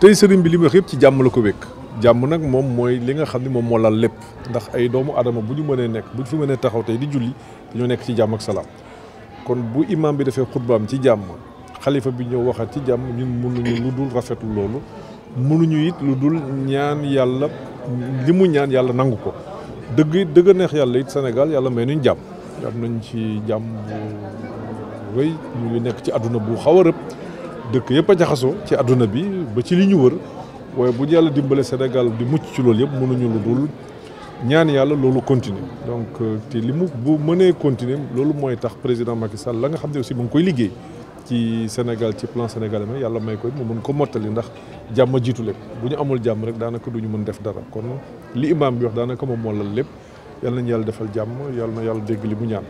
tay serigne bi li xep ci jamm lako wek jamm nak mom moy li nga xamni mom mo la lepp ndax ay doomu adama buñu mëne nek nekk fu mëne taxaw tay di julli dañoo nek ci jamm ak salam kon bu imam bi defé khutbam ci jamm khalifa bi ñew waxat ci jamm ñun mënu ñu luddul rafetul loolu mënuñu it lu dul ñaan yalla limu ñaan yalla nangu ko deug dëgg neex yalla it senegal yalla may ñu jamm am nañ ci jamm bu ñu nekk ci aduna bu xawa dëkk yëpp a jaxasoo ci àdduna bi ba ci li ñu wër waaye bu yàlla dimbale Sénégal di mucc ci loolu yëpp mënuñu lu dul ñaan yàlla loolu continuer donc euh, te li mu bu mënee continuer loolu mooy tax président Macky Sall la nga xam ne aussi mu ngi koy liggéey ci Sénégal ci plan sénégalais yàlla may ko mu mën ko mottali ndax jàmm jiitu lépp bu ñu amul jàmm rek daanaka du ñu mën def dara kon li imaam bi wax daanaka moom moolal lépp yal nañu yàlla defal jàmm yal na yàlla dégg li mu ñaan.